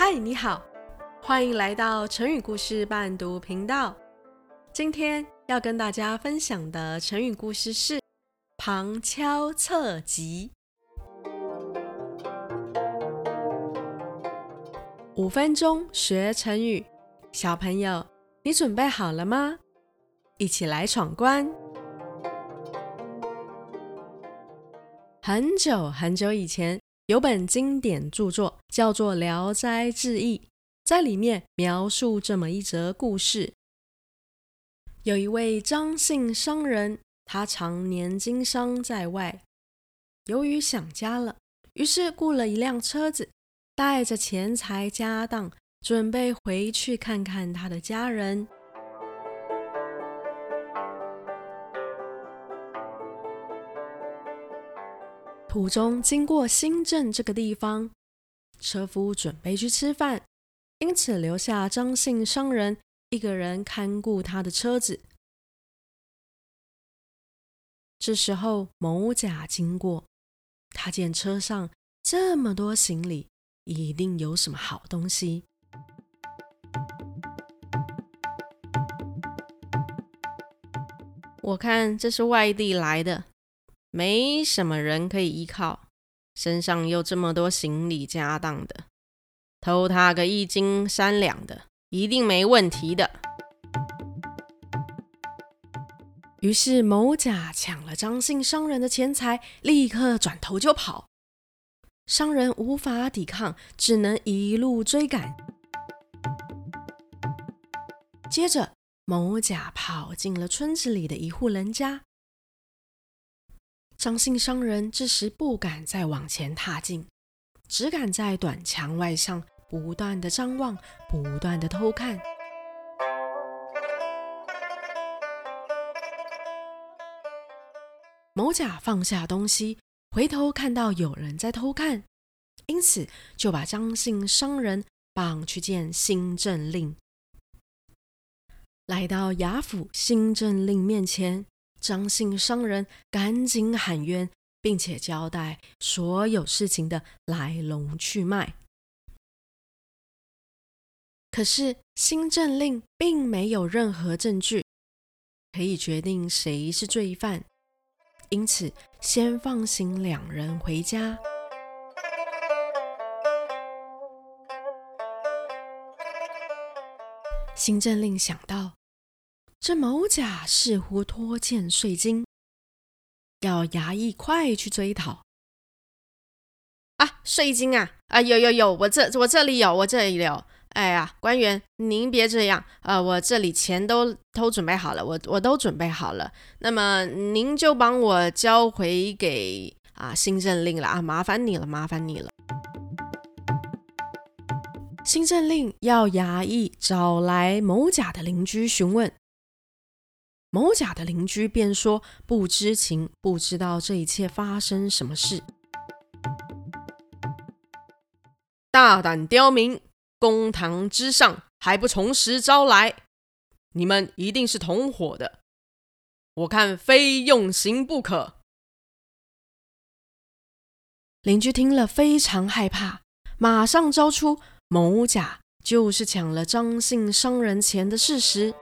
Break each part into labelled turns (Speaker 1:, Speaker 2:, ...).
Speaker 1: 嗨，Hi, 你好，歡迎來到成語故事伴讀頻道。今天要跟大家分享的成語故事是“旁敲側擊”。五分鐘學成語，小朋友，你準備好了嗎？一起來闖關。很久很久以前。有本經典著作叫做《聊齋誌異》，在裡面描述這麼一則故事：有一位張姓商人，他常年經商在外，由於想家了，於是雇了一輛車子，帶着錢財家當，準備回去看看他的家人。途中經過新鄭這個地方，車夫準備去吃飯，因此留下張姓商人一個人看顧他的車子。這時候，某甲經過，他見車上這麼多行李，一定有什麼好東西。我看這是外地來的。沒什麼人可以依靠，身上又這麼多行李家當的，偷他個一斤三兩的，一定沒問題的。於是某甲搶了張姓商人的錢財，立刻轉頭就跑。商人無法抵抗，只能一路追趕。接着，某甲跑進了村子裡的一戶人家。張姓商人這時不敢再往前踏進，只敢在短牆外上不斷的張望，不斷的偷看。某甲放下東西，回頭看到有人在偷看，因此就把張姓商人綁去見新政令。來到衙府，新政令面前。張姓商人趕緊喊冤，並且交代所有事情的來龍去脈。可是新政令並沒有任何證據可以決定誰是罪犯，因此先放行兩人回家。新政令想到。這某甲似乎拖欠稅金，要衙役快去追討。啊，稅金啊啊，有有有，我這我這裡有我這裡有。哎呀，官員您別這樣，啊、呃，我這裡錢都都準備好了，我我都準備好了。那麼您就幫我交回給啊新政令了啊，麻煩你了，麻煩你了。新政令要衙役找來某甲的鄰居詢問。某甲的鄰居便說：“不知情，不知道這一切發生什麼事。”大膽刁民，公堂之上還不從實招來？你們一定是同夥的，我看非用刑不可。鄰居聽了非常害怕，馬上招出某甲就是搶了張姓商人錢的事實。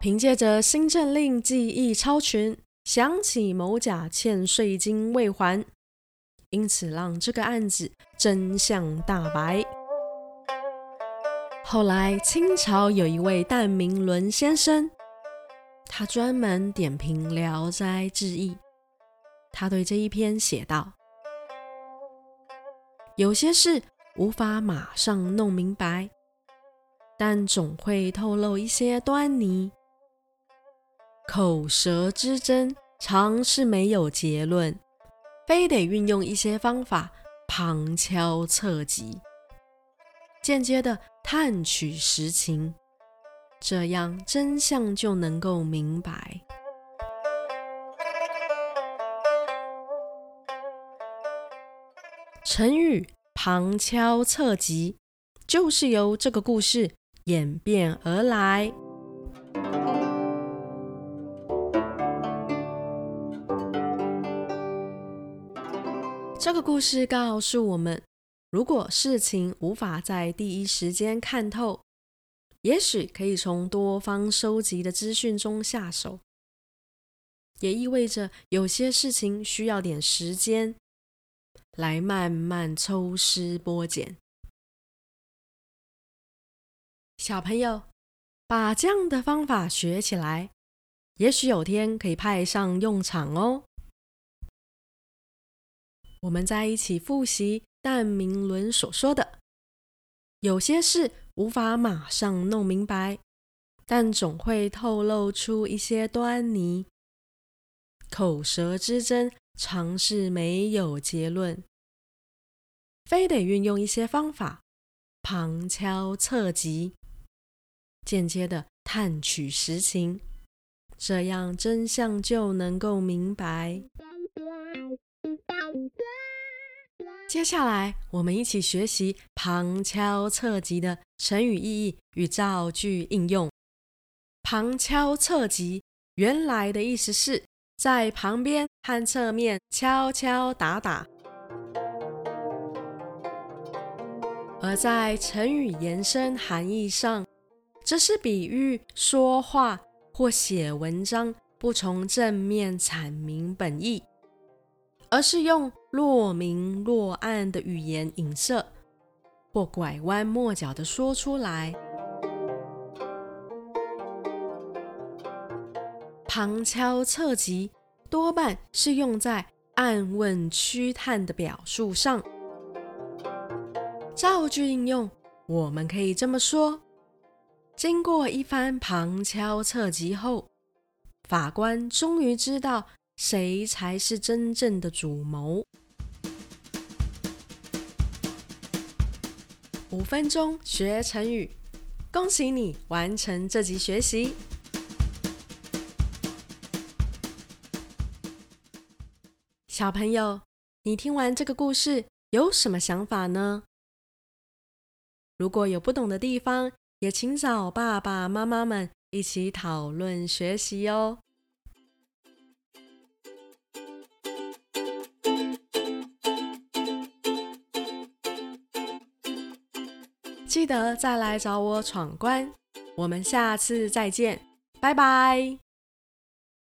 Speaker 1: 憑借着新政令、記憶超群，想起某甲欠稅金未還，因此讓這個案子真相大白。後來，清朝有一位但明倫先生，他專門點評《聊齋誌異》，他對這一篇寫道：“有些事無法馬上弄明白，但總會透露一些端倪。”口舌之爭常是沒有結論，非得運用一些方法旁敲側擊，間接的探取實情，這樣真相就能夠明白。成語“旁敲側擊”就是由這個故事演變而來。這個故事告訴我們，如果事情無法在第一時間看透，也許可以從多方收集的資訊中下手。也意味着有些事情需要點時間來慢慢抽絲剝繭。小朋友，把這樣的方法學起來，也許有天可以派上用場哦。我們在一起複習但明倫所說的：“有些事無法馬上弄明白，但總會透露出一些端倪。口舌之爭常是沒有結論，非得運用一些方法，旁敲側擊，間接的探取實情，這樣真相就能夠明白。”接下來，我們一起學習“旁敲側擊”的成語意義與造句應用。“旁敲側擊”原來的意思是在旁邊和側面敲敲打打，而在成語延伸含義上，這是比喻說話或寫文章不從正面闡明本意，而是用。若明若暗的語言影射，或拐彎抹角的說出來，旁敲側擊多半是用在暗問曲探的表述上。造句應用，我們可以這麼說：經過一番旁敲側擊後，法官終於知道。誰才是真正的主謀？五分鐘學成語，恭喜你完成這集學習。小朋友，你聽完這個故事有什麼想法呢？如果有不懂的地方，也請找爸爸媽媽們一起討論學習哦。記得再來找我闖關，我們下次再見，拜拜。